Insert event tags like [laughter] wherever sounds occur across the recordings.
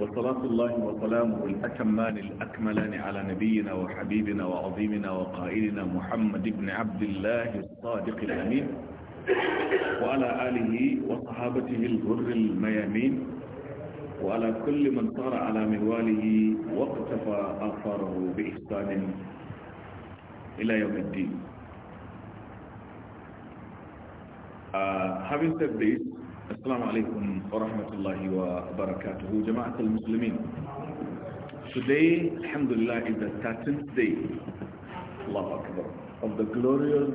وصلاة الله وسلامه الأكمان الأكملان على نبينا وحبيبنا وعظيمنا وقائلنا محمد بن عبد الله الصادق الأمين وعلى آله وصحابته الغر الميامين وعلى كل من صار على منواله واقتفى آثاره بإحسان إلى يوم الدين. Uh, having said this, السلام عليكم ورحمة الله وبركاته جماعة المسلمين Today, Alhamdulillah, is the 13th day Allah Akbar, of the glorious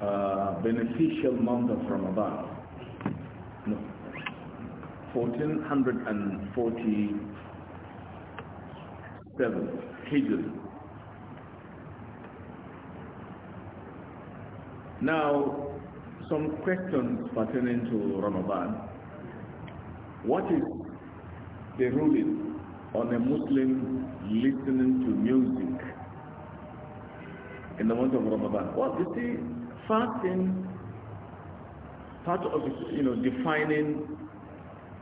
uh, beneficial month of Ramadan. No, 1447 Hijri. Now, some questions pertaining to Ramadan. What is the ruling on a Muslim listening to music in the month of Ramadan? Well, you see, fasting, part of you know defining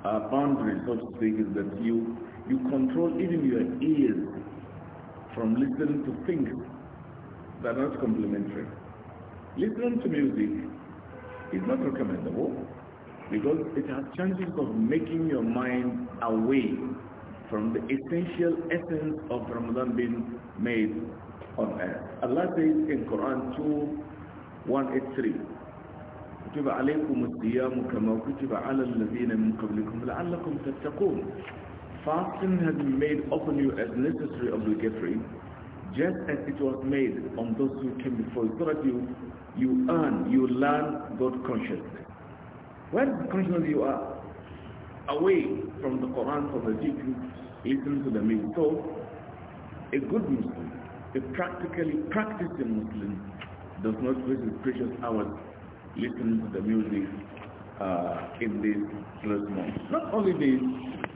uh, boundaries, so to speak, is that you you control even your ears from listening to things that are not complementary. Listening to music is not recommendable because it has chances of making your mind away from the essential essence of Ramadan being made on earth. Allah says in Quran 2, 183, كتب عليكم الصيام كما كتب على الذين من قبلكم لعلكم تتقون Fasting has been made upon you as necessary obligatory just as it was made on those who came before so that you, you earn, you learn God consciousness. When consciousness you are away from the Quran, from the Jeep, listen to the music. So a good Muslim, a practically practicing Muslim does not waste his precious hours listening to the music uh, in this first month. Not only this,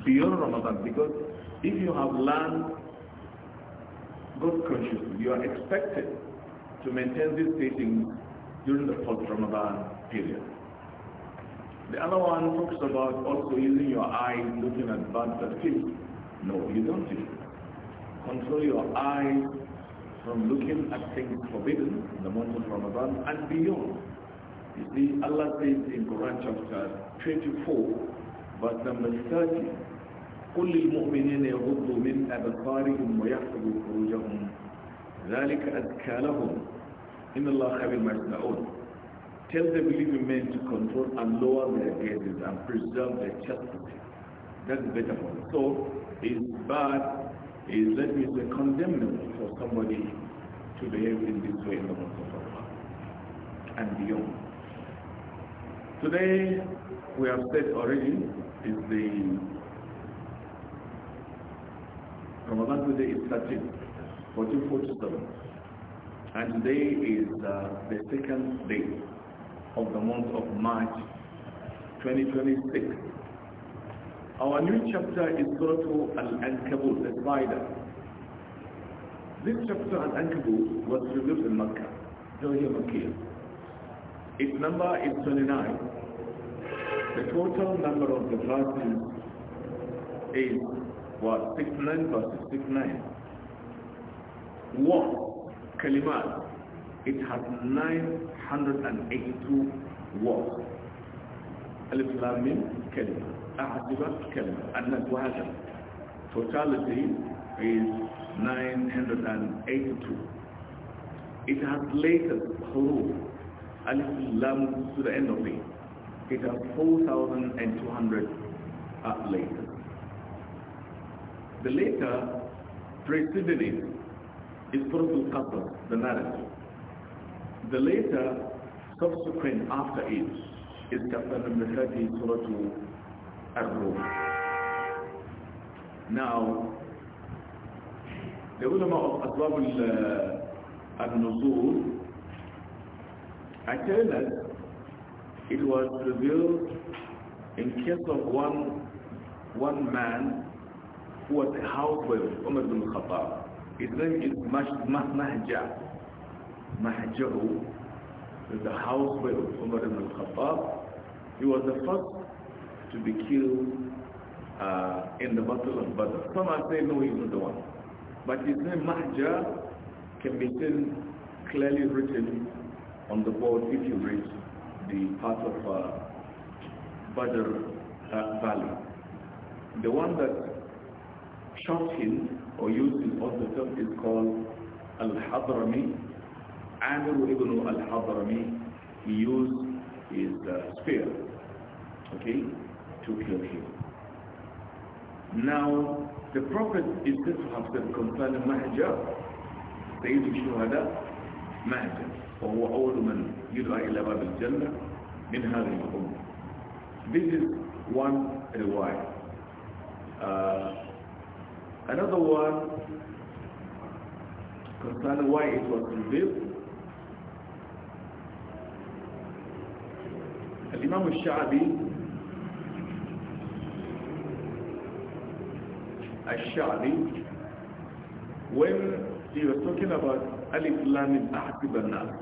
beyond Ramadan, because if you have learned God consciousness. You are expected to maintain these teachings during the post Ramadan period. The other one talks about also using your eyes looking at bad things. No, you don't do it. Control your eyes from looking at things forbidden in the month of Ramadan and beyond. You see, Allah says in Quran chapter 24, verse number 30, يغضوا من ويحفظوا فروجهم ذلك لهم إن الله خبير ما Tell the believing men to control and lower their gazes and preserve their chastity. That's better for them. So, it's bad, is let me say, condemnable for somebody to behave in this way in the month of Allah and beyond. Today, we have said already, is the Ramadan today is 13, 1447. And today is uh, the second day of the month of March 2026. Our new chapter is Surah Al-Ankabut, the spider. This chapter Al-Ankabut was revealed in Mecca, Jawahir Makkiyah. Its number is 29. The total number of the verses is verse 69, verse 69. What? Kalimat. It has 982 words. Alif Lam Mim Kalima. Ahasiba Kalima. Annas Wahajam. Totality is 982. It has latest huruf. Alif Lam to the end of it. It has 4,200 at uh, latest. The later preceded it is the Qasr, the narrative. The later subsequent after it is the number 30, Surah Ar-Ruh. Now, the ulama of Asbab uh, al-Nuzul I tell that it was revealed in case of one one man was a housewife of Umar ibn Khattab. His name is Mahja. Mahjahu was the housewife of Umar ibn Khattab. He was the first to be killed uh, in the Battle of Badr. Some are saying no, he was the one. But his name Mahja can be seen clearly written on the board if you read the part of uh, Badr uh, Valley. The one that shortened or used in other term is called Al-Hadrami. Amir ibn Al-Hadrami, he used his uh, spear, okay, to kill him. Now, the Prophet is said to have said concerning Mahjab, سيد الشهداء مهجر وهو أول من يدعى إلى باب الجنة من هذه الأمة. This is one reward. Uh, Another one concerning why it was revealed. Al-Imam al-Sha'bi al-Sha'bi when he was talking about Alif Lam Ahqib al-Nas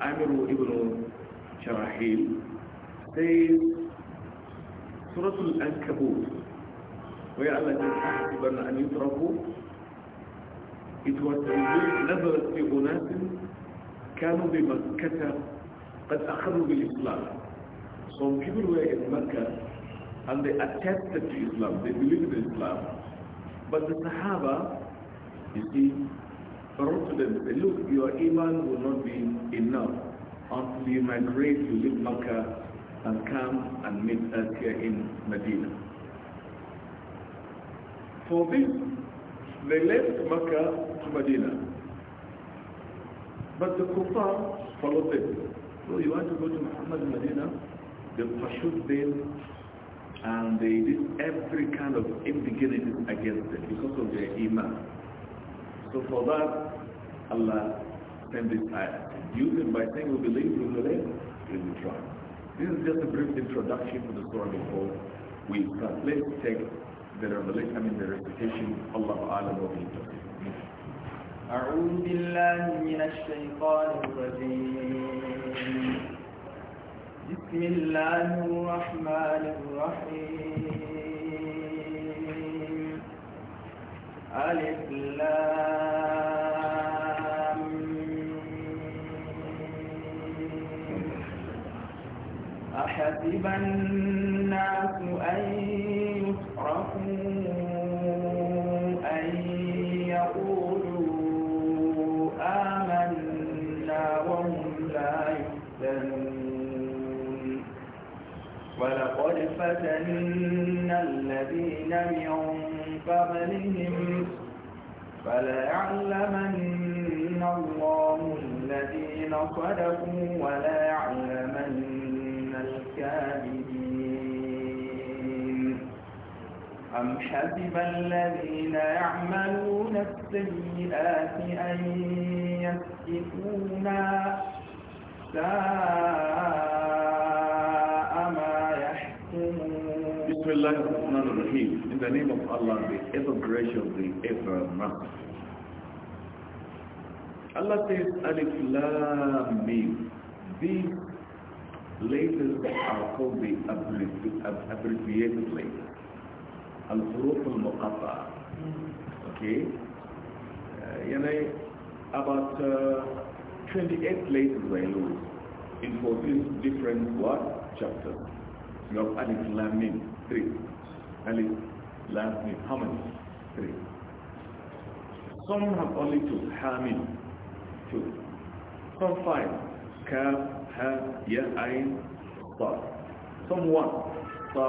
Amir ibn Sharahil says Surah Al-Ankabut where Allah says, أَحْسِبًا أَنْ يُتْرَكُوا It was revealed, نَظَرَ فِي أُنَاسٍ كَانُوا بِمَكَّةَ قَدْ أَخَذُوا بِالْإِسْلَامِ Some people were in Mecca and they attested to Islam, they believed in Islam. But the Sahaba, you see, wrote to them, say, look, your Iman will not be enough until you migrate, to leave Mecca and come and meet us here in Medina. For this, they left Makkah to Medina. But the Kuffar followed them. So you want to go to Muhammad in Medina? They pursued them and they did every kind of indignity against them because of their iman. So for that, Allah sent this ayah. You it by saying we believe, we believe, you will try. This is just a brief introduction to the story before we start. Let's take the revelation, I mean the recitation, Allah Ta'ala will be أعوذ بالله من الشيطان الرجيم بسم الله الرحمن الرحيم ألف لام أحسب الناس أن أَشْرَكُوا أَن يَقُولُوا آمَنَّا وَهُمْ لَا يُفْتَنُونَ وَلَقَدْ فَتَنَّا الَّذِينَ مِن قَبْلِهِمْ فَلَيَعْلَمَنَّ اللَّهُ الَّذِينَ صَدَقُوا وَلَيَعْلَمَنَّ الْكَاذِبِينَ أم حسب الذين يعملون السيئات أن يسكتونا ساء ما يحكمون بسم الله الرحمن الرحيم In the name of Allah, the ever gracious, the ever merciful. Allah says, Alif Lam Mim. These letters are called the abbreviated letters. الحروف المقطعة okay uh, You يعني about uh, 28 places I used in 14 different what chapters you have alif lam mim 3 alif lam mim how many 3 some have only two hamim 2 some 5 kaf ha ya ain ta some 1 ta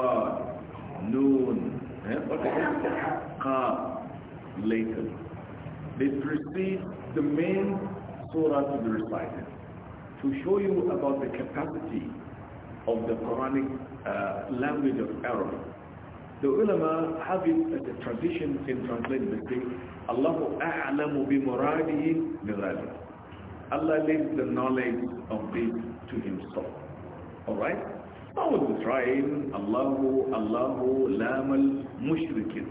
noon Eh? But it is later. They precede the main surah to be recited to show you about the capacity of the Quranic uh, language of Arab. The ulama have it as a tradition in translating the thing, Allahu a'lamu bi muradihi Allah leaves the knowledge of this to himself. Alright? All the trying, Allahu, Allahu, Lamal, Mushrikin.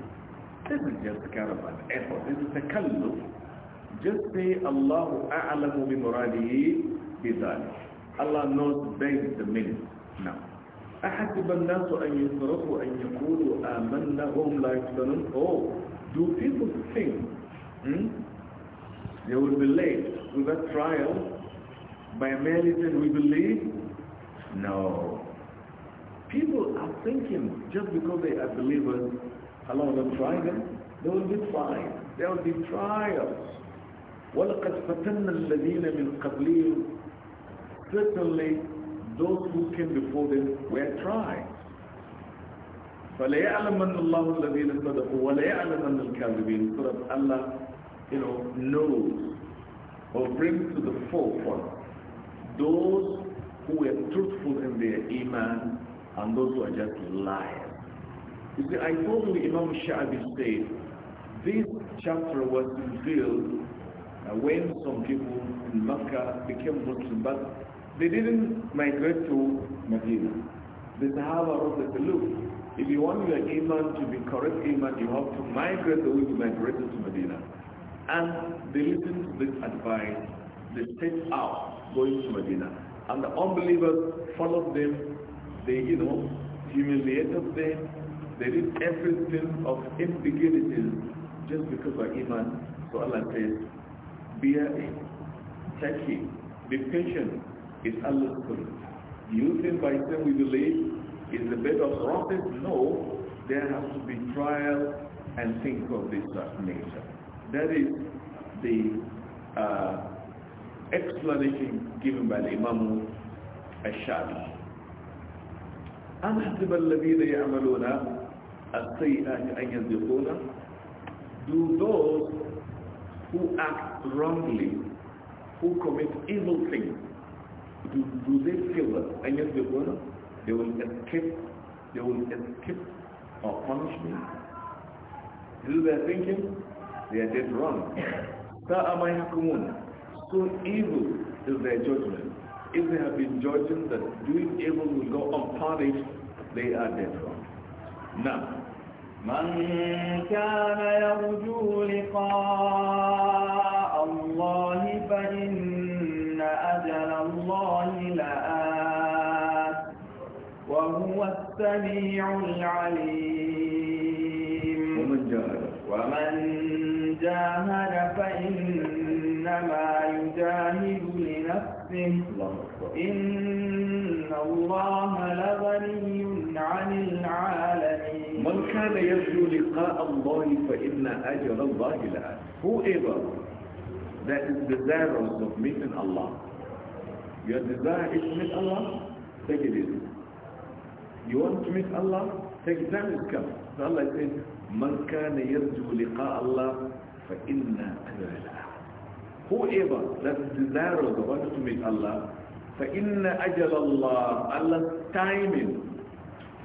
This is just kind of an effort. This is a kalluf. Just say, Allahu a'lamu bi muradihi bidhalik. Allah knows best the meaning. Now, أحسب الناس أن يصرفوا أن يقولوا آمنا وهم لا يفتنون Oh, do people think hmm, they will be late to that trial by merely saying we believe? No. People are thinking just because they are believers, Allah will try them. They will be fine. There will be trials. وَلَقَدْ فَتَنَّ الَّذِينَ مِنْ قَبْلِهِمْ Certainly, those who came before them were tried. فَلَيَعْلَمَنَّ اللَّهُ الَّذِينَ صَدَقُوا وَلَيَعْلَمَنَّ الْكَاذِبِينَ So that Allah, you know, knows or brings to the forefront those who were truthful in their iman and those who are just liars. You see, I told you Imam Sha'abi said, this chapter was revealed when some people in Mecca became Muslim, but they didn't migrate to Medina. The Sahaba wrote that, look, if you want your Iman to be correct Iman, you have to migrate the way you migrated to Medina. And they listened to this advice. They set out going to Medina. And the unbelievers followed them they, you know, humiliated them. They did everything of indignities just because of Iman. So Allah says, "Be a take it, be patient. It's Allah's good. You think by saying we believe is the bed of prophets? No, there has to be trial and things of this nature. That is the uh, explanation given by the Imam al-Shabi. أم حسب الذين يعملون السيئات أن يزيقون Do those who act wrongly, who commit evil things, do, do they feel that أن يزيقون They will escape, they will escape our punishment. This is their thinking. They are dead wrong. سَاءَ [laughs] مَا يَحْكُمُونَ So evil is their judgment if they have been judging that doing evil will go unpunished, they are dead wrong. Now, من كان يرجو لقاء الله فإن أجل الله لآت وهو السميع العليم ومن جاهد ومن جاهد فإنما يجاهد نفسه إن الله لغني عن العالمين من كان يرجو whoever that is desirous of meeting Allah your desire is to meet Allah take it easy you want to meet Allah take it time so Allah whoever that is desirous of ala to meet Allah فَإِنَّ أَجَلَ اللَّهِ Allah's timing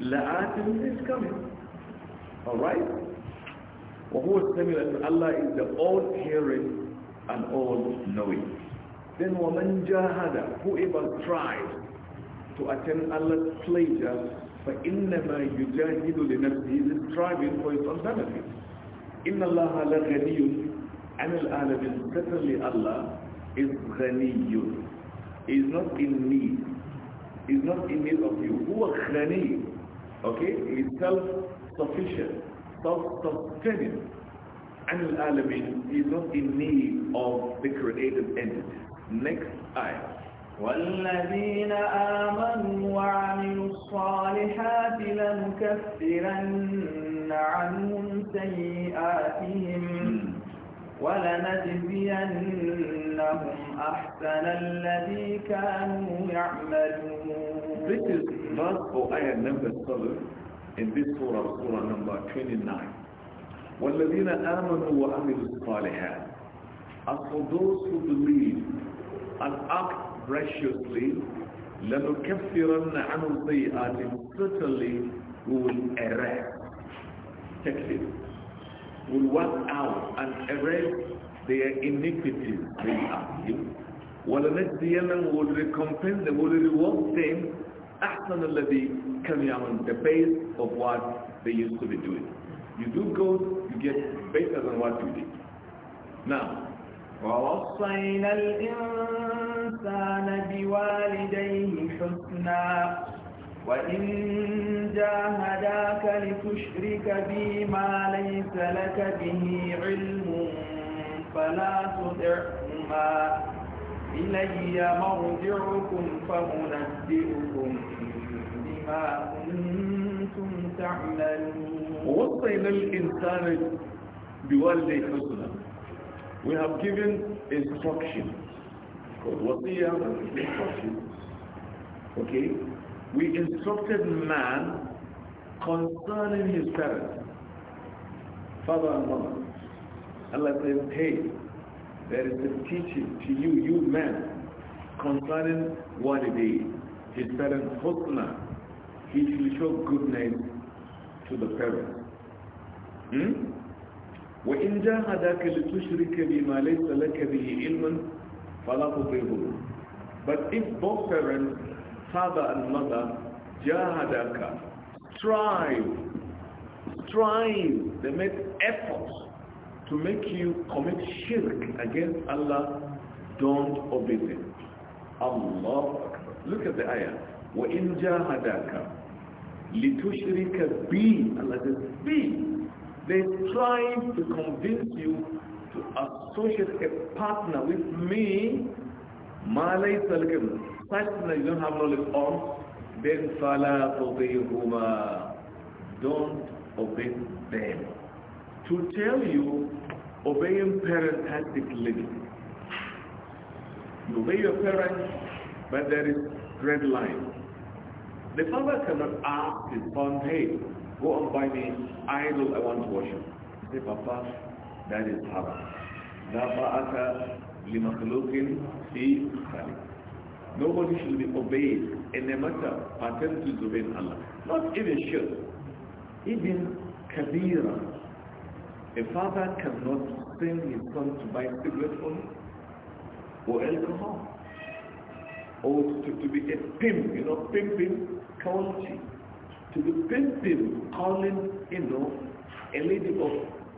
لَآتٍ is coming alright وَهُوَ السَّمِيعُ Allah is the all-hearing and all-knowing then jahada who ever tried to attend Allah's pleasure na يجاهد لنفسه striving for his own benefit إن الله لغني أنا الآن ahlab is certainly Allah is ghaniyun, is not in need, is not in need of you. هو غني ghani? Okay, is self-sufficient, self-sustaining. And al-Alamin is not in need of the created entity. Next ayah. والذين آمنوا وعملوا الصالحات لنكفرن عنهم سيئاتهم ولنجزينهم أحسن الذي كانوا يعملون This is verse or ayah number 7 in this surah, surah number 29. وَالَّذِينَ آمَنُوا وَعَمِلُوا الصَّالِحَاتِ As for those who believe and act righteously, لَنُكَفِّرَنَّ عَنُوا سَيِّئَاتِهِمْ Certainly we will erect. Take it will work out and erase their iniquities they have you. وَلَنَجْزِيَنَّهُ will recompense them, will reward them أَحْسَنَ الَّذِي كَمْ The base of what they used to be doing. You do good, you get better than what you did. Now, وَوَصَّيْنَا الْإِنسَانَ بِوَالِدَيْهِ حُسْنًا وإن جاهداك لتشرك بي ما ليس لك به علم فلا تطعهما إلي مرجعكم فأنبئكم بما كنتم تعملون وصينا الإنسان بوالدي حسنا We have given instructions. Because wasiyah is instructions. Okay? we instructed man concerning his parents, father and mother. Allah says, hey, there is a teaching to you, you men, concerning what it is. His parents, husna, he should show goodness to the parents. Hmm? وإن جاهداك لتشرك بما ليس لك به علم فلا تطيعهما But if both parents father and mother, jahadaka, strive, strive, they make efforts to make you commit shirk against Allah, don't obey them. Allah Akbar. Look at the ayah. وَإِن جَاهَدَاكَ لِتُشْرِكَ بِي Allah says, be. They strive to convince you to associate a partner with me, مَا لَيْسَ Question: simply, you don't have knowledge on, then فَلَا تُطِيهُمَا Don't obey them. To tell you, obeying parents has its You obey your parents, but there is red line. The father cannot ask his son, hey, go and buy me idol I want to worship. He say, Papa, that is haram. لا طاعة لمخلوق في خالق Nobody should be obeyed in a matter pertaining to disobeying Allah. Not even sure. Even kabira. A father cannot send his son to buy cigarettes for him or alcohol or to, to be a pimp, you know, pimping quality. To be pimping, calling, you know, a lady of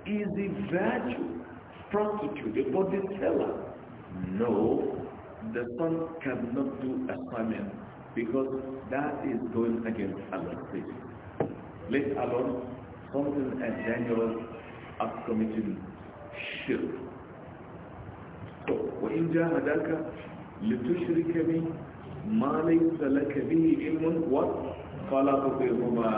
easy virtue, prostitute, a body seller. No, the son cannot do a sermon because that is going against Allah's teaching. Let alone something as dangerous as committing shirk. So, وَإِنْ جَاهَدَاكَ لِتُشْرِكَ بِي مَا لَيْسَ لَكَ بِهِ عِلْمٌ وَقَالَ تُطِيهُمَا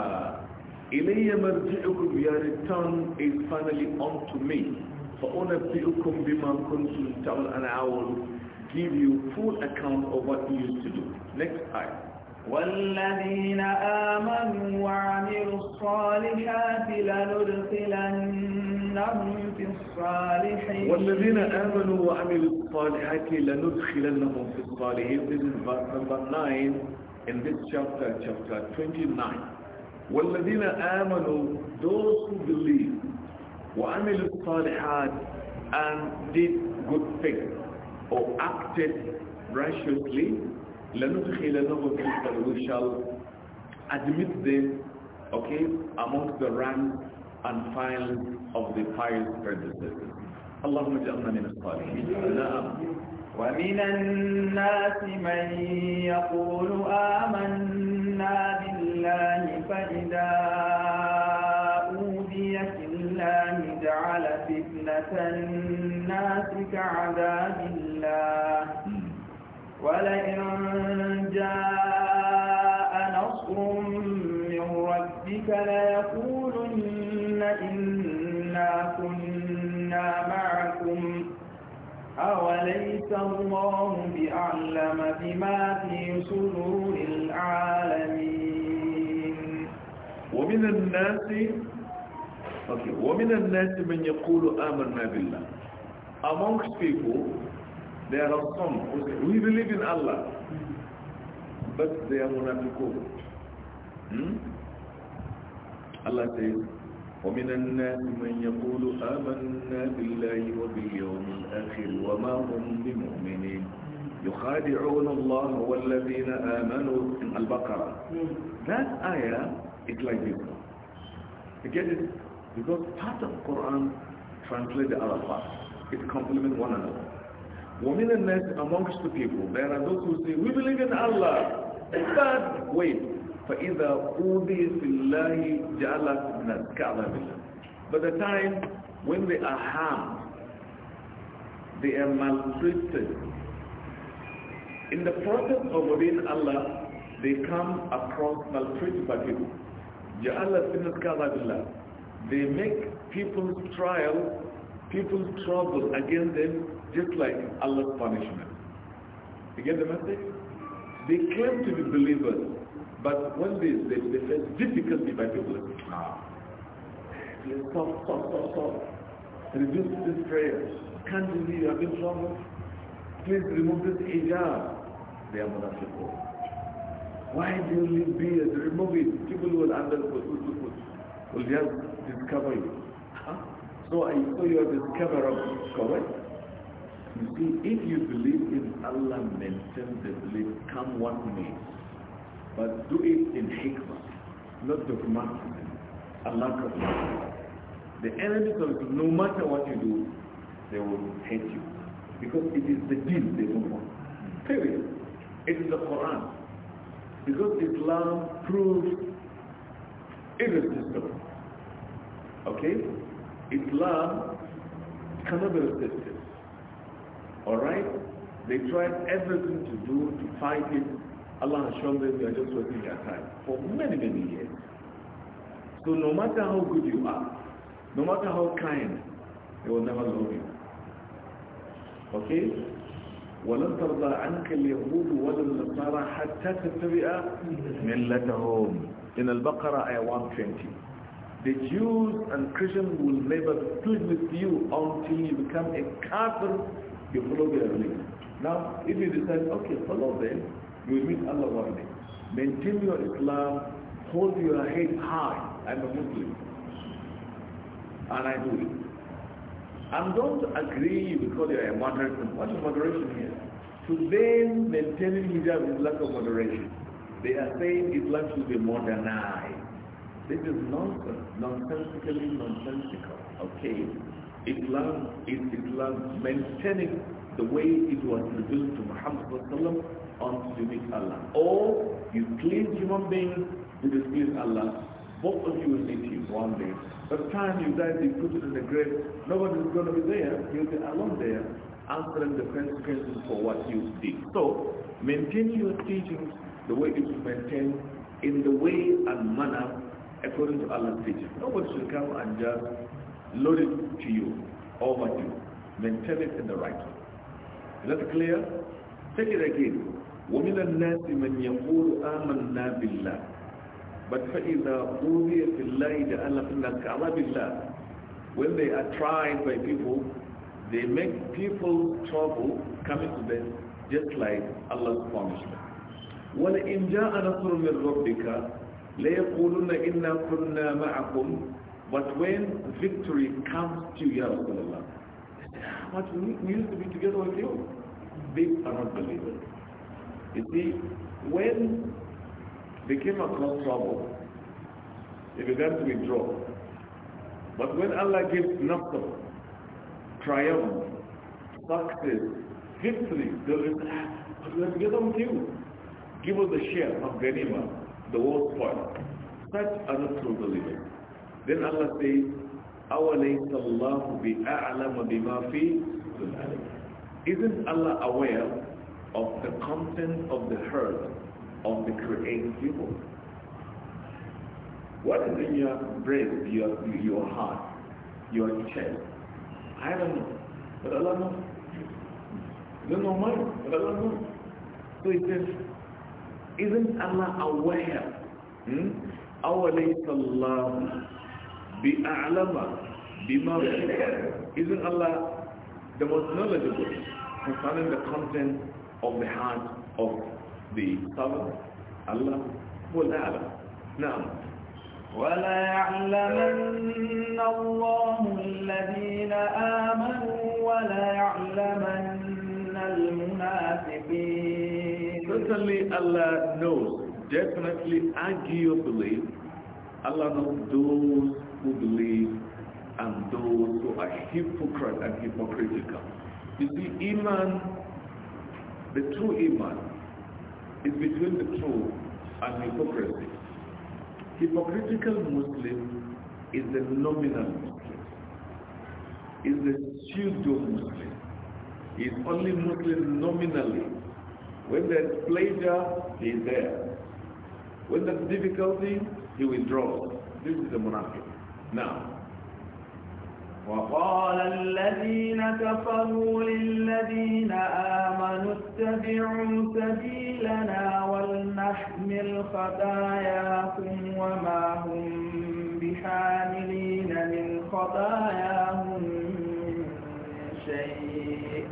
إِلَيَّ مَرْجِعُكُمْ Your return is finally unto me. فَأُنَبِّئُكُمْ بِمَا كُنْتُمْ تَعْمَلُونَ And I give you full account of what you used to do. Next time. والذين آمنوا وعملوا الصالحات لندخلنهم في الصالحين والذين آمنوا وعملوا الصالحات لندخلنهم في الصالحين This is verse number 9 in this chapter, chapter 29. والذين آمنوا Those who believe وعملوا الصالحات and did good things or acted righteously, we shall admit them, okay, amongst the ranks and files of the pious predecessors. اللهم اجعلنا من الصالحين ومن الناس من يقول آمنا بالله فإذا أوذي في الله يجعل فتنة الناس كعذاب الله ولئن جاء نصر من ربك ليقولن إنا كنا معكم أوليس الله بأعلم بما في صدور العالمين ومن الناس Okay, وَمِنَ النَّاسِ مَنْ يَقُولُ آمَنَّا بِاللَّهِ Amongst people, there are some who say, we believe in Allah, but they are munafiqun. Hmm? Allah says, ومن الناس من يقول آمنا بالله وباليوم الآخر وما هم بمؤمنين يخادعون الله والذين آمنوا البقرة That ayah is like this. You get it? Because part of Quran translates the other part. It complements one another. Women and men amongst the people, there are those who say, we believe in Allah. But wait, فَإِذَا أُوذِي فِي اللَّهِ جَعَلَتْ نَذْكَعْلَ بِاللَّهِ By the time when they are harmed, they are maltreated. In the process of obeying Allah, they come across maltreated by people. جَعَلَتْ نَذْكَعْلَ بِاللَّهِ they make people's trial, people's trouble against them just like Allah's punishment. You get the message? They claim to be believers, but when they, they, they face difficulty by people, ah, stop, stop, stop, stop. Reduce this prayer. Can't you see you have been Please remove this hijab. They are people. Why do you leave beard? Remove it. People will understand. Will just discover you. So I saw you are of Correct? You see, if you believe in Allah maintain the belief, come what may. But do it in hikmah, not dogmatism, a lack of knowledge. The enemies of no matter what you do, they will hate you. Because it is the deen they don't want. Period. It is the Quran. Because Islam proves irresistible. Okay? Islam cannot be resisted. Alright? They tried everything to do to fight it. Allah has shown them they are just wasting their time for many, many years. So no matter how good you are, no matter how kind, they will never love you. Okay? ولن ترضى عنك اليهود حتى In Al-Baqarah, ayah 120. The Jews and Christians will never split with you until you become a kafir, you follow their religion. Now, if you decide, okay, follow them, you will meet Allah one day. Maintain your Islam, hold your head high. I'm a Muslim. And I do it. And don't agree because you are a moderate. What is moderation here? To them, maintaining hijab is lack of moderation. They are saying Islam should be modernized. This is nonsense, nonsensically nonsensical, okay? Islam is Islam maintaining the way it was revealed to Muhammad until you Allah. Or you please human beings, you displease Allah. Both of you will meet you one day. But time you guys be put in the grave, Nobody is going to be there. You'll be alone there, answering the consequences for what you did. So maintain your teachings the way it was maintained in the way and manner according to Allah's teaching. Nobody should come and just load it to you, over you. Maintain it in the right way. Is that clear? Take it again. وَمِنَ النَّاسِ مَنْ يَقُولُ آمَنَّا بِاللَّهِ But فَإِذَا أُوذِيَ فِي اللَّهِ جَعَلَ فِي النَّاسِ كَعَذَابِ اللَّهِ When they are tried by people, they make people trouble coming to them just like Allah's punishment. وَلَئِنْ جَاءَ نَصْرٌ مِنْ رَبِّكَ إِنَّا كُنَّا مَعَكُمْ But when victory comes to you, Ya Rasulullah, but we, we used to be together with you. They are not believers. You see, when they came across trouble, they began to withdraw. But when Allah gives nafsah, triumph, success, victory, they will say, but we are together with you. Give us a share of ganima the world spoiled. Such are not true believers. Then Allah says, أَوَلَيْسَ اللَّهُ بِأَعْلَمَ بِمَا فِي Isn't Allah aware of the content of the heart of the created people? What is in your brain, your, your heart, your chest? I don't know. But Allah knows. You don't know mine, but Allah knows. So he says, Isn't Allah aware? أوليس الله بأعلم بما Isn't Allah the most knowledgeable concerning the content of the heart of the servant? Allah will الأعلم نعم يعلمن الله الذين آمنوا ولا يعلمن المنافقين Certainly Allah knows, definitely, arguably, Allah knows those who believe and those who are hypocrite and hypocritical. You see, Iman, the true Iman, is between the true and hypocrisy. Hypocritical Muslim is the nominal Muslim, is the pseudo-Muslim, is only Muslim nominally When there's pleasure, he is there. When there's difficulty, he withdraws. This is the monarchy. Now, وقال الذين كفروا للذين آمنوا اتبعوا سبيلنا ولنحمل خطاياكم وما هم بحاملين من خطاياهم من شيء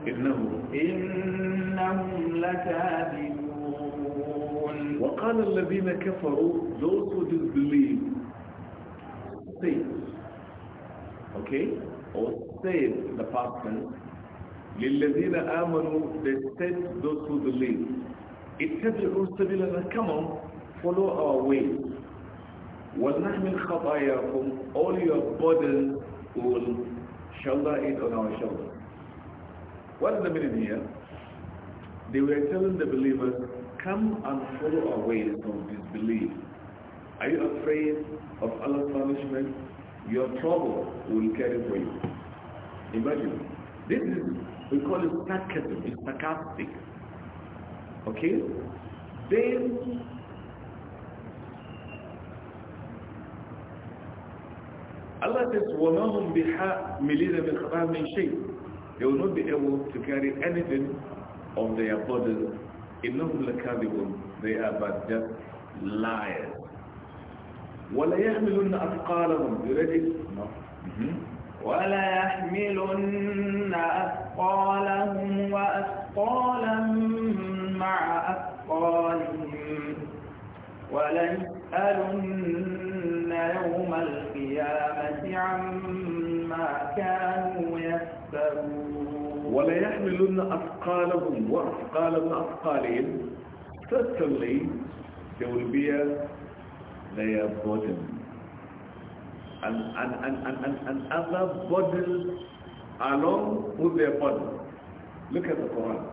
إنه إنهم لكاذبون وقال الذين كفروا those who disbelieve say okay or say the past tense للذين آمنوا they said those who believe اتبعوا سبيلنا come on follow our way ولنحمل خطاياكم all your burdens will shoulder it on our shoulders What is the meaning here? They were telling the believers, come and follow our ways of disbelief. Are you afraid of Allah's punishment? Your trouble will carry for you. Imagine. This is, we call it sarcasm. It's sarcastic. Okay? Then Allah says, وَمَا هُمْ بِحَامِلِينَ مِنْ خَبَامٍ شَيْءٍ they will not be able to carry anything of their bodies إنهم لكاذبون they are but just liars ولا يحملن أثقالهم you no mm -hmm. ولا يحملن أثقالهم وأثقالا مع أثقالهم وليسألن يوم القيامة عما كانوا يفعلون ولا يحملن أثقالهم من أثقالهم certainly they will bear their burden and, and, and, and, and, and other burdens along with their burden look at the Quran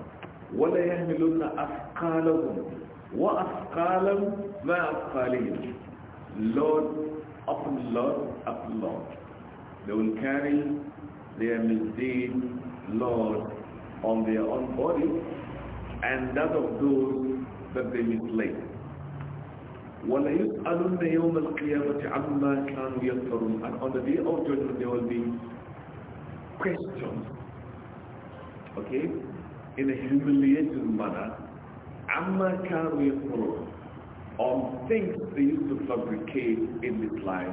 ولا يحملن أثقالهم وأثقالهم ما أثقالهم Lord upon Lord upon Lord they will carry their misdeed Lord on their own body and that of those that they misled. وَلَيُسْأَلُنَّ يَوْمَ الْقِيَامَةِ عَمَّا كَانُوا يَفْتَرُونَ And on the day of judgment there will be questions, okay, in a humiliating manner, عَمَّا كَانُوا يَفْتَرُونَ on things they used to fabricate in this life,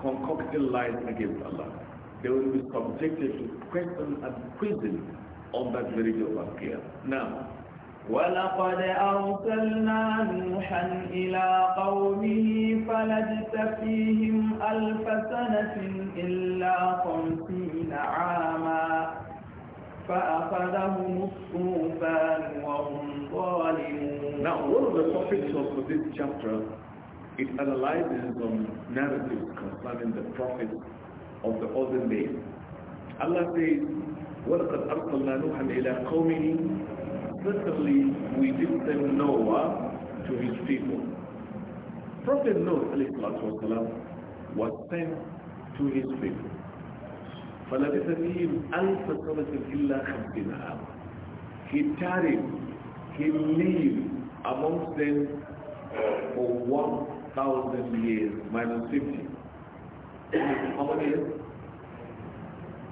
concocting lies against Allah they will be subjected to question and prison on that very day of al Now, ولقد أرسلنا نوحا إلى قومه فلجت فيهم ألف سنة إلا خمسين عاما فأخذهم الطوفان وهم ظالمون Now one of the topics of this chapter it analyzes some narratives concerning the prophets of the olden days, Allah says, وَلَقَدْ أَرْسَلْنَا نُوحًا إِلَىٰ قَوْمِهِ Certainly we did send Noah to his people. Prophet Noah والسلام, was sent to his people. فَلَبِثَ فِيهِمْ أَلْفَ سَنَةٍ إِلَّا خَمْسِينَ عَامًا He tarried, he lived amongst them for 1,000 years, minus 50. How Somebody else?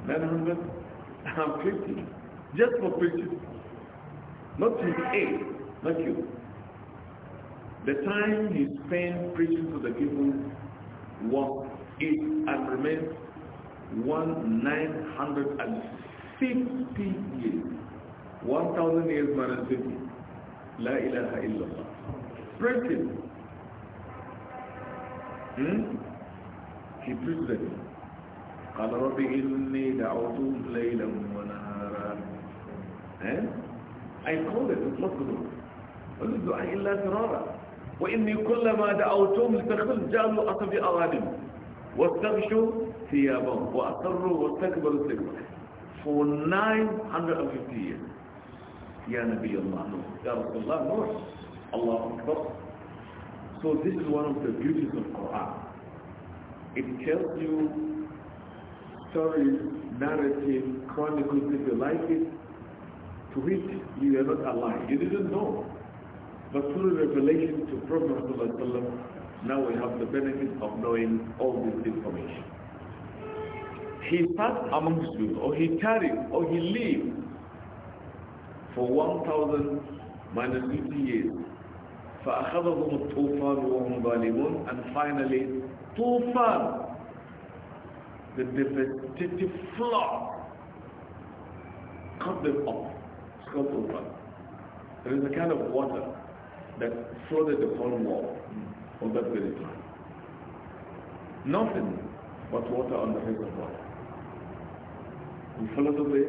950. Just for preaching. Not his aid, not you. The time he spent preaching to the people was is and remains one nine hundred and fifty years. One thousand years minus fifty. La ilaha illallah. Praise him. Hmm? في preached قال رب إني دعوتهم ليلا ونهارا أي قولة تطلق them اطلقتهم الدعاء إلا فرارا وإني كلما دعوتهم لتخل جعلوا أطفي أغانم واستغشوا ثيابهم وأصروا واستكبروا استكبرا for 950 years يا نبي الله يا رب الله نوح الله أكبر so this is one of the beauties of Quran It tells you stories, narrative, chronicles, if you like it, to which you are not alive. You didn't know. But through revelation to Prophet ﷺ, now we have the benefit of knowing all this information. He passed amongst you, or he carried, or he lived for 1,000 minus 50 years. فأخذهم الطوفان وهم ظالمون and finally so far the devastating flood cut them off. It's called There is a kind of water that flooded the whole wall on that very time. Nothing but water on the face of water. the philosophy,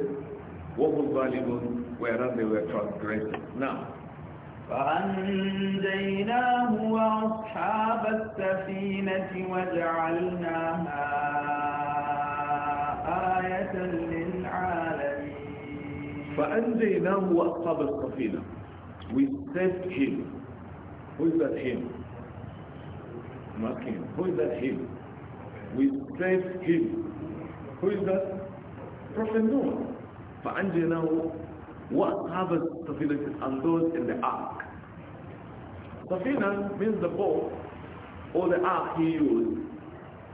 what was valuable where they were transgressing. Now, فأنجيناه وأصحاب السفينة وجعلناها آية للعالمين فأنجيناه وأصحاب السفينة We saved him Who is that him? Not him Who is that him? We saved him Who is that? Prophet Noah فأنجيناه What harvest Safinah and those in the ark? Safinah means the boat or the ark he used.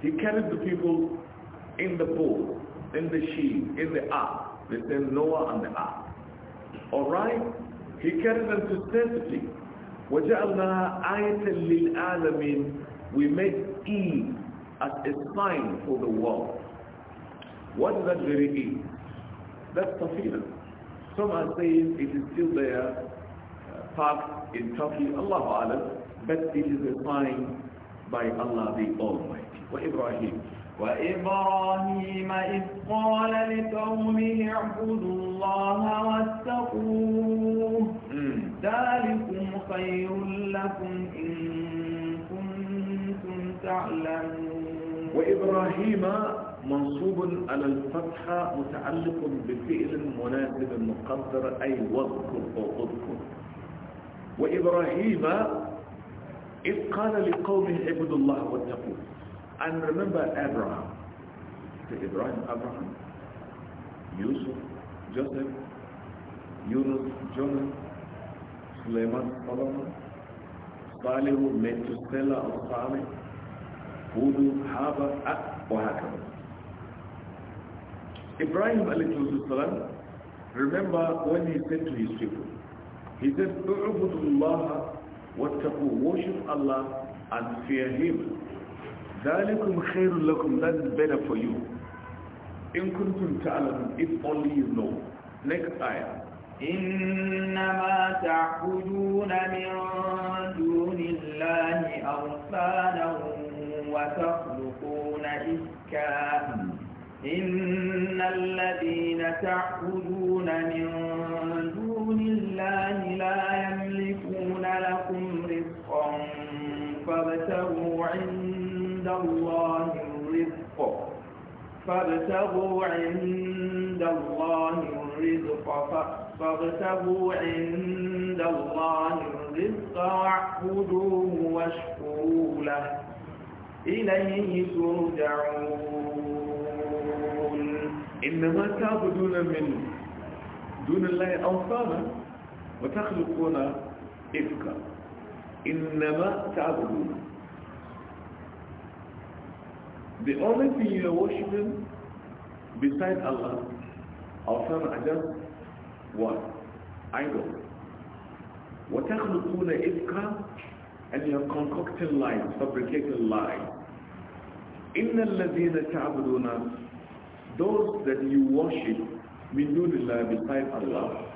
He carried the people in the boat, in the ship, in the ark. within Noah and the ark. Alright? He carried them to safety. وَجَعَلْنَا آيَةً لِلْعَالَمِينَ We made Eve as a sign for the world. What does that really mean? That's Safinah. Some are saying it is still there, uh, parked in Turkey, Allahu Alam, but it is a sign by Allah the Almighty. وإبراهيم وإبراهيم إذ قال لقومه اعبدوا الله واتقوه ذلكم خير لكم إن كنتم تعلمون وإبراهيم منصوب على الفتحة متعلق بفعل مناسب مقدر أي واذكر أو اذكر وإبراهيم إذ قال لقومه اعبدوا الله واتقوه and remember Abraham to Ibrahim, Abraham Yusuf, Joseph Yunus, Jonah Suleiman, Solomon Salihu, Methuselah, Osami hudu haba Ibrahim alayhi salam remember when he said to his people he said u'budullaha wattaqu worship Allah and fear him That is better for you. If only you know. Next ayah. إِنَّمَا تَعْبُدُونَ مِن دُونِ اللَّهِ أَوْثَانًا وتخلقون إفكا إن الذين تعبدون من دون الله لا يملكون لكم رزقا فابتغوا عند الله الرزق فابتغوا عند الله الرزق فابتغوا عند الله الرزق واعبدوه واشكروا له إليه ترجعون إنما تعبدون من دون الله وتخلقون إفكا إنما تعبدون The only thing you are worshiping besides Allah, outside are just what? Idol. وَتَخْلُقُونَ إِفْكَ And you are concocting lies, fabricating lies. إِنَّ الَّذِينَ تَعْبُدُونَ Those that you worship مِن دُونِ اللَّهِ beside Allah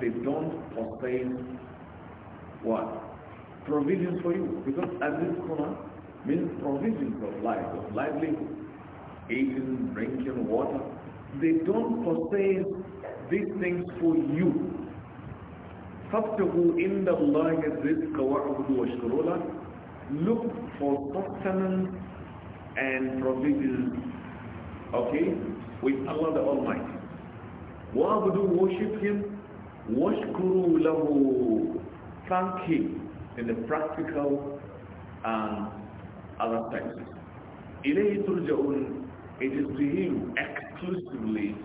They don't possess what? Provisions for you. Because al-rizquna means provisions of life, of livelihood. Eating, drinking, water. They don't possess these things for you. فَابْتَغُوا إِنَّ اللَّهِ الرِّزْقَ وَعْبُدُوا وَاشْكُرُوا لَهُ Look for sustenance and provision, okay, with Allah the Almighty. وَعْبُدُوا Worship Him, love Him, Thank Him in the practical and other senses. إِلَيْهِ تُرْجَعُونَ It is to Him exclusively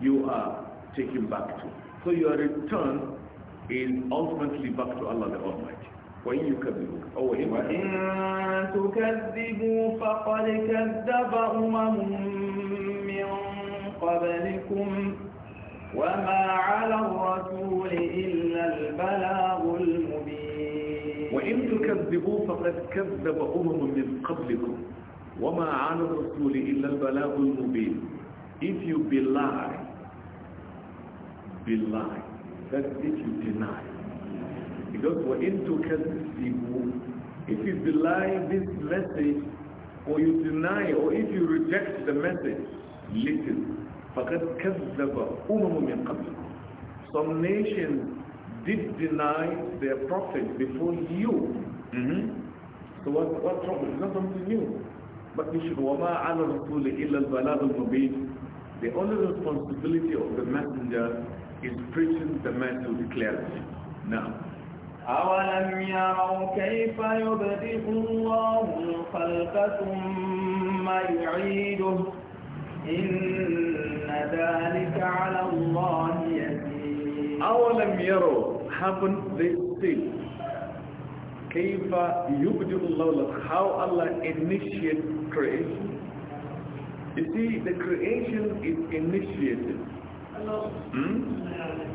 you are taken back to. So your return is ultimately back to Allah the Almighty. وإن يكذبوك أو وإن تكذبوا فقد كذب أمم من قبلكم وما على الرسول إلا البلاغ المبين وإن تكذبوا فقد كذب أمم من قبلكم وما على الرسول إلا البلاغ المبين If you be belie, That's if you deny, Because وَإِن people, If you deny this message, or you deny, or if you reject the message, listen. فَقَدْ كَذَّبَ أُمَمٌ مِّن قَبْلِكُمْ Some nations did deny their prophet before you. Mm -hmm. So what, what trouble? It's not something new. But you should وَمَا عَلَى رَسُولِ إِلَّا الْبَلَاغُ الْمُبِينَ The only responsibility of the messenger is preaching the message clearly. Now, أولم يروا كيف يبدئ الله الخلق ثم يعيده إن ذلك على الله يسير أولم يروا haven't they كيف يبدئ الله how Allah initiates creation you see the creation is initiated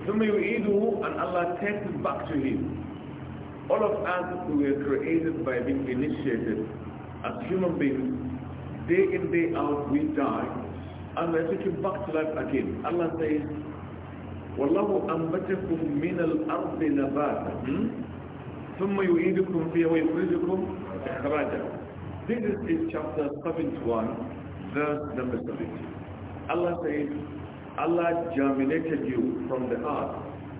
ثم يعيده and Allah takes it back to him all of us who were created by being initiated as human beings, day in, day out, we die, and we're taken back to life again. Allah says, وَاللَّهُ أَنْبَتَكُمْ مِنَ الْأَرْضِ نَبَاتًا ثم يعيدكم فيها ويخرجكم إخراجا This is in chapter 71, verse number 70. Allah says, Allah germinated you from the earth,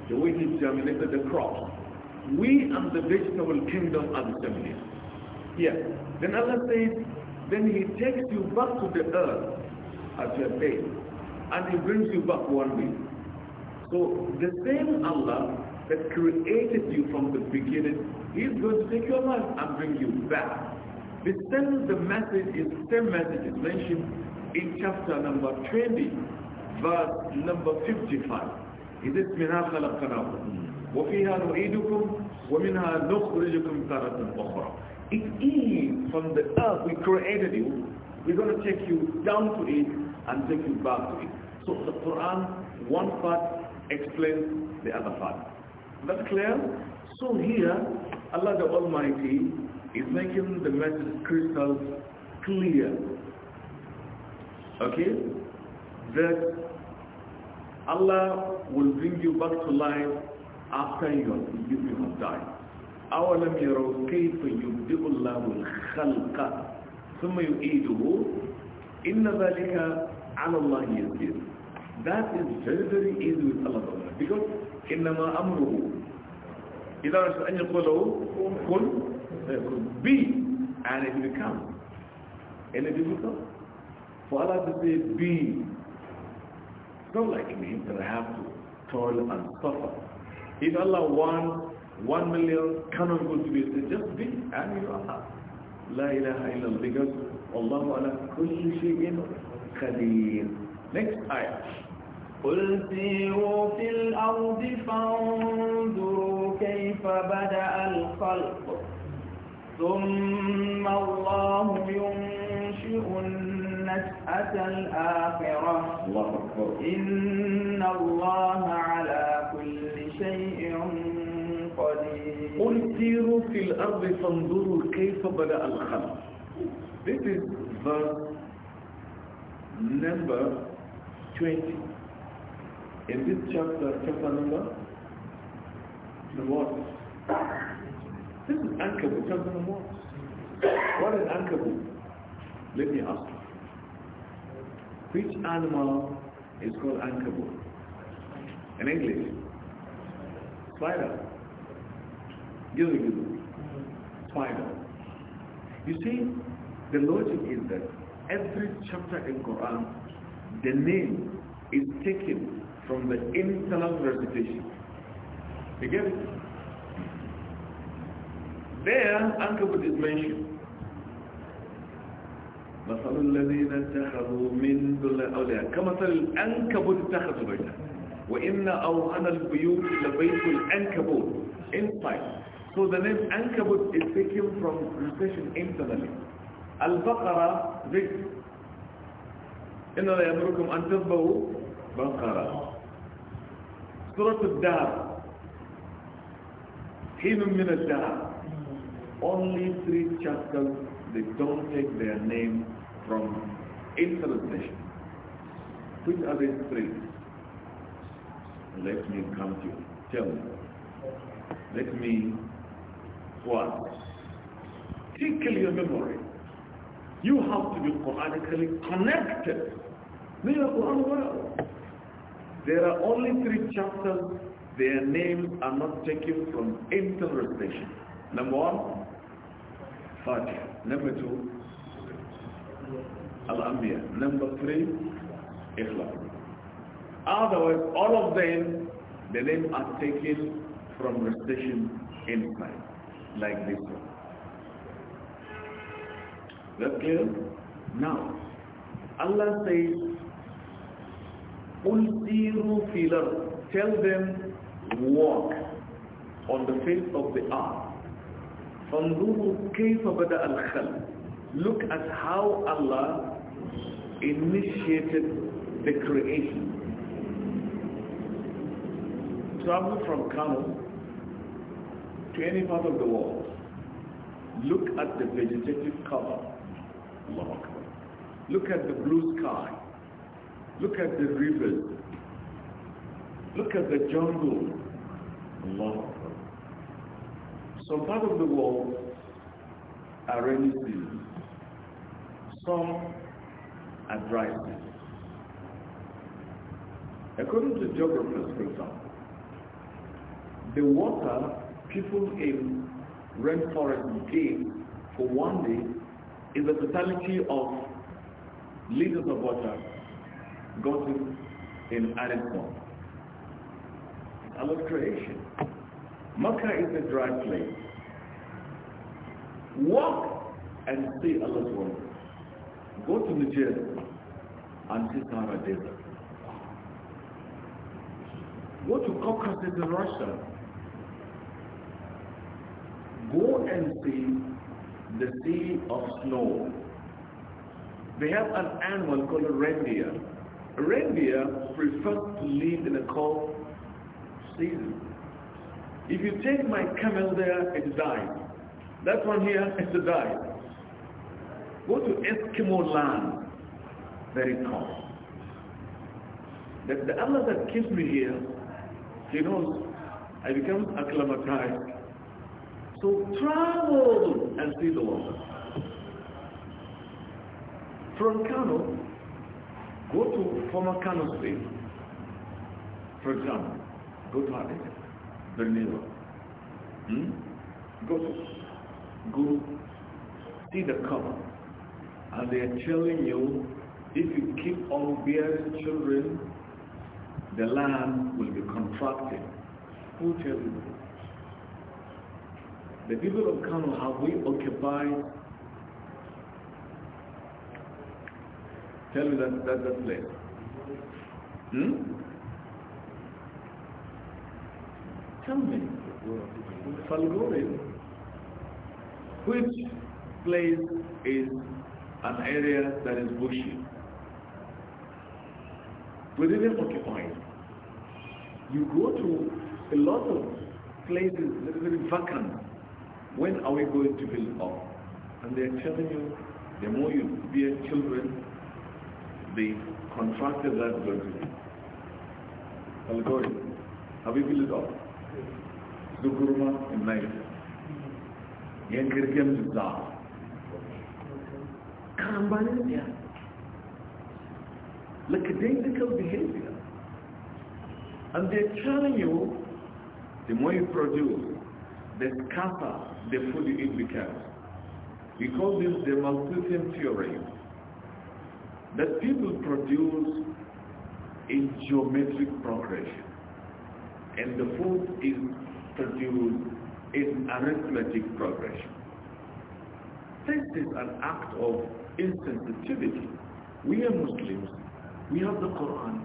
the way He germinated the crops, we and the vegetable kingdom are the same here. Yeah. Then Allah says, then he takes you back to the earth at your day and he brings you back one day. So the same Allah that created you from the beginning, is going to take your life and bring you back. The same the message is the same message is mentioned in chapter number 20, verse number 55. It is it Khalaqanahu? وَفِيهَا نُعِيدُكُمْ وَمِنْهَا نُخْرِجُكُمْ تَرَةً أُخْرَى It is from the earth we created you. We're going to take you down to it and take you back to it. So the Quran, one part explains the other part. That clear? So here, Allah the Almighty is making the message crystal clear. Okay? That Allah will bring you back to life after you have died أولم يروا كيف يبدئ الله الخلق ثم يعيده إن ذلك على الله يسير That is very very easy with Allah because إنما أمره إذا رأس أن يقول له كن be and it becomes any difficult for Allah to say be not like me that I have to toil and suffer If Allah wants one million cannot go to this, just be and you are happy. La ilaha illallah because Allah ala kulli shay'in qadir. Next ayah. قل سيروا في الأرض فانظروا كيف بدأ الخلق ثم الله ينشئ النشأة الآخرة الله أكبر إن الله على كل شيء قدير قل سيروا في الأرض فانظروا كيف بدأ الخلق This is verse number 20 In this chapter, chapter number the what? This is Ankabu, chapter number what? What is Ankabu? Let me ask you. Which animal is called ankabut? In English? Spider. Give me Spider. You see, the logic is that every chapter in Quran, the name is taken from the internal recitation. You get it? There, Ankabut is mentioned. مثل الذين اتخذوا من دون أولياء كمثل الأنكبوت اتخذوا بيتا وإن أوهن البيوت لبيت الأنكبوت inside so the name أنكبوت is taken from translation internally البقرة ذكر إن الله يأمركم أن تذبوا بقرة سورة الدهر حين من الدهر only three chapters they don't take their name from insolent Which are these three? Let me come to you. Tell me. Let me what? Tickle your memory. You have to be Quranically connected There are only three chapters. Their names are not taken from insolent Number one, Fatiha. Number two, Al-Anbiya. Number three, Ikhlas. Otherwise, all of them, the names are taken from the station inside, like this one. That clear? Now, Allah says, siru filar. Tell them, walk on the face of the earth. فانظروا كيف بدأ الخلق Look at how Allah initiated the creation. Travel from Kano to any part of the world. Look at the vegetative cover. Look at the blue sky. Look at the rivers. Look at the jungle. Allah some part of the world are rainy seasons. Some are dry season. According to geographers, for example, the water people in rainforest gain for one day is the totality of liters of water gotten in arid form. It's creation. Makkah is a dry place. Walk and see Allah's wonders. Go to Niger and see Sahara Desert. Go to Caucasus in Russia. Go and see the sea of snow. They have an animal called a reindeer. A reindeer prefers to live in a cold season if you take my camel there, it died. That one here, [laughs] it died. Go to Eskimo land, very common. That the Allah that keeps me here, He knows I become acclimatized. So travel and see the world. From Kano, go to former Kano state. For example, go to Aditya birnin yau hmm? go go see the cover and they are telling you if you keep on bearing children the land will be contracted who tells you the people of Kano have we occupied tell me that, that, that place hmm? Tamil, Falgore, which place is an area that is bushy. We didn't occupy You go to a lot of places that are vacant. When are we going to build up? And they're telling you, the more you bear children, the contracted that's going to be. Algorithm. Have we built up? zugurma in life yan kirkin zuzza karambanin ya lackadaisical behavior and they're telling you the more you produce the scarcer the food you eat becomes we call this the Malthusian theory that people produce in geometric progression and the food is produce is arithmetic progression. This is an act of insensitivity. We are Muslims. We have the Quran.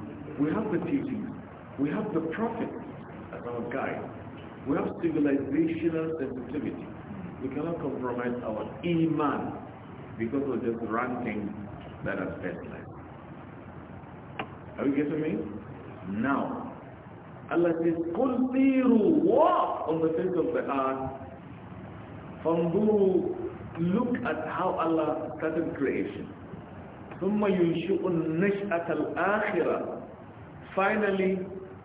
We have the teachings. We have the Prophet as our guide. We have civilizational sensitivity. We cannot compromise our iman because of just ranting that has best life. Are you getting me? Now, Allah says, Kul tiru, walk on the face of the earth. Fanduru, look at how Allah started creation. ثم ينشئ al-akhirah. Finally,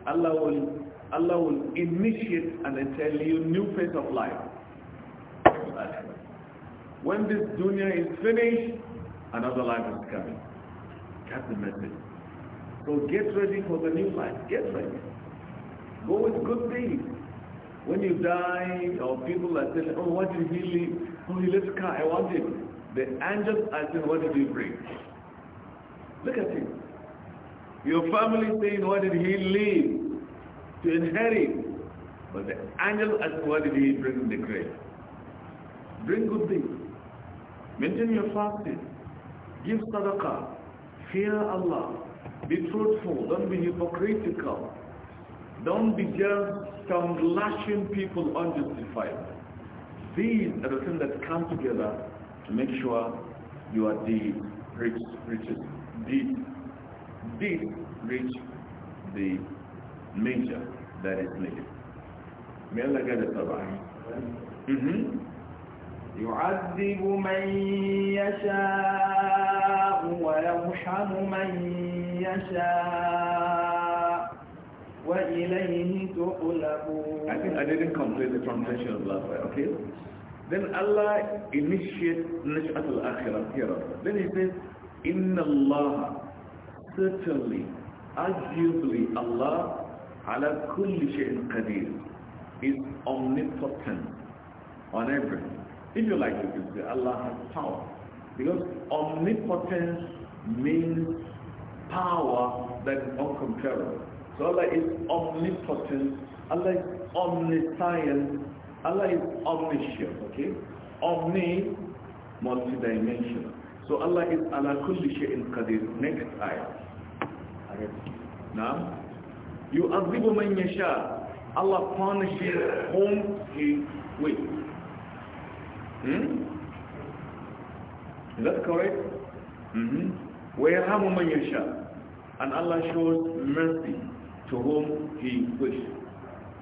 Allah will, Allah will initiate an entirely new phase of life. When this dunya is finished, another life is coming. That's the message. So get ready for the new life. Get ready. Go with good things. When you die, or people are saying, oh, what did he leave? Oh, he left car. I want it. The angels are saying, what did he bring? Look at him. Your family saying, what did he leave? To inherit. But the angel saying, what did he bring in the grave? Bring good things. Maintain your fasting. Give sadaqah. Fear Allah. Be truthful. Don't be hypocritical. Don't be just come lashing people unjustified. These are the things that come together to make sure you are deed reach, reaches deep, deep, reach the major that is needed. May Allah guide us all. Mm-hmm. يعذب من يشاء ويرحم من يشاء I think I didn't complete the translation of last time, okay? Then Allah initiates Nish'at al-Akhirah Then he says, Inna Allah, certainly, arguably Allah, ala kulli shay'in qadir, is omnipotent on everything. If you like, you can say Allah has power. Because omnipotence means power that is uncomparable. So Allah is omnipotent, Allah is omniscient, Allah is omniscient, okay? Omni, multidimensional. So Allah is ala kulli shay'in qadir. Next ayah. Now, you azibu man yasha. Allah punishes whom he will. Hmm? Is that correct? Mm-hmm. وَيَرْحَمُ مَنْ يَشَاءُ And Allah shows mercy to whom he wished.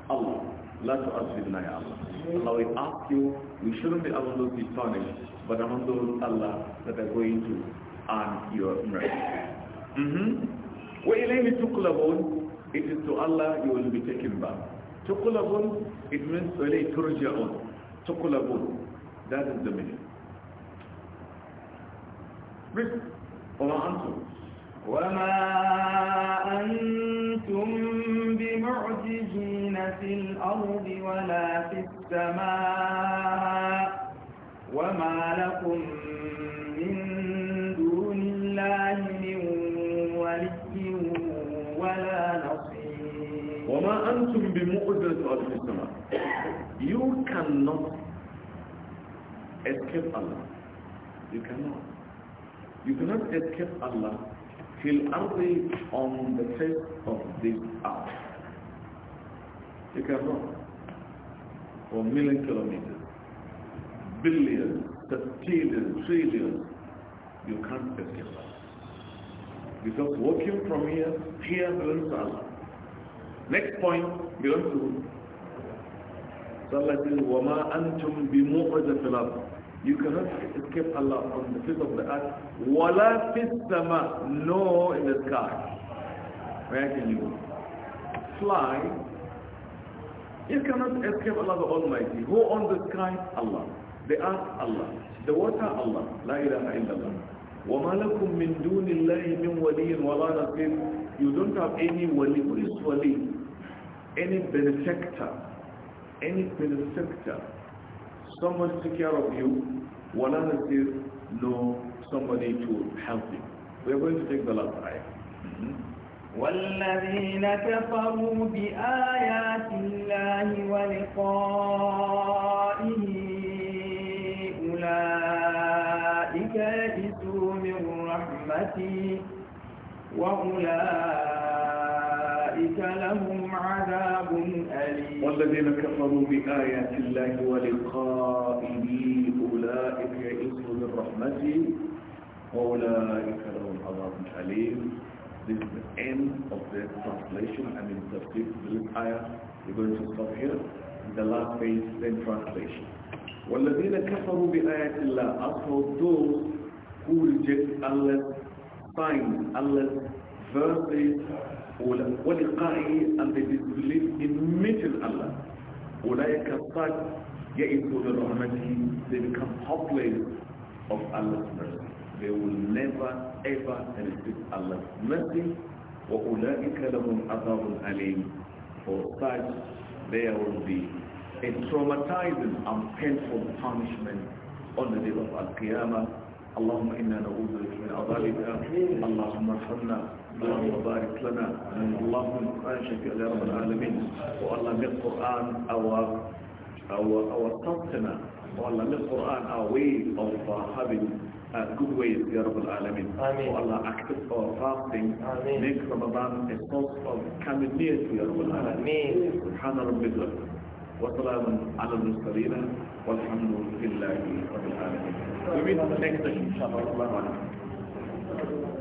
Allah. Let us deny Allah. Allah will ask you, you shouldn't be among those be punished, but among those Allah that are going to earn your mercy. Mm-hmm. وَإِلَيْهِ تُقْلَبُونَ It is to Allah you will be taken back. تُقْلَبُونَ It means وَإِلَيْهِ تُرْجَعُونَ تُقْلَبُونَ That is the meaning. Read. Or answers? وما أنتم بمعجزين في الأرض ولا في السماء وما لكم من دون الله من ولي ولا نصير وما أنتم بمعجزين في السماء You cannot escape Allah. You cannot. You cannot escape Allah feel angry on the face of this earth. You can run for million kilometers, billions, septillions, trillions. You can't escape that. Because walking from here, here belongs to Allah. Next point belongs to Allah says, وَمَا أَنْتُمْ بِمُؤْرَجَ فِي الْأَرْضِ you cannot escape Allah from the face of the earth. Wala sama, no in the sky. Where can you Fly. You cannot escape Allah the Almighty. Who on the sky, Allah. The earth, Allah. The water, Allah. La ilaha illallah. وَمَا لَكُم مِّن دُونِ اللَّهِ مِن وَلِيٍّ وَلَا نَصِيرٍ You don't have any wali, who is wali? Any benefactor. Any benefactor someone to take care of you, us is no somebody to help you. We are going to take the last ayah. Mm-hmm. والذين كفروا بآيات الله ولقائه أولئك يئسوا من رحمتي وأولئك أولئك لهم عذاب أليم والذين كفروا بآيات الله ولقائه أولئك يئسوا من رحمته وأولئك لهم عذاب أليم This is the end of the translation I mean tafsir this ayah we're going to stop here In the last page then translation والذين كفروا بآيات الله as for those who reject Allah's signs Allah's verses وَلِقَائِهِ and they believe in meeting Allah أُولَٰئِكَ قَدْ يَئِسُوا بِرَحْمَتِهِ they become hopeless of Allah's mercy they will never ever receive Allah's mercy وَأُولَٰئِكَ لَهُمْ عَذَابٌ أَلِيمٌ for such there will be a traumatizing and painful punishment on the day of Al-Qiyamah اللهم إنا نعوذ بك من عذابك اللهم ارحمنا اللهم بارك لنا اللهم انشف يا رب العالمين والله من القرآن our والله من القرآن our way of having uh, good ways, Ya Rabbil Alameen. Oh Allah, active for fasting. Ameen. Make Ramadan a source of coming near to Ya Rabbil Alameen. سبحان ربك وسلام على wa alhamdu لله رب العالمين. We meet the next session, inshallah.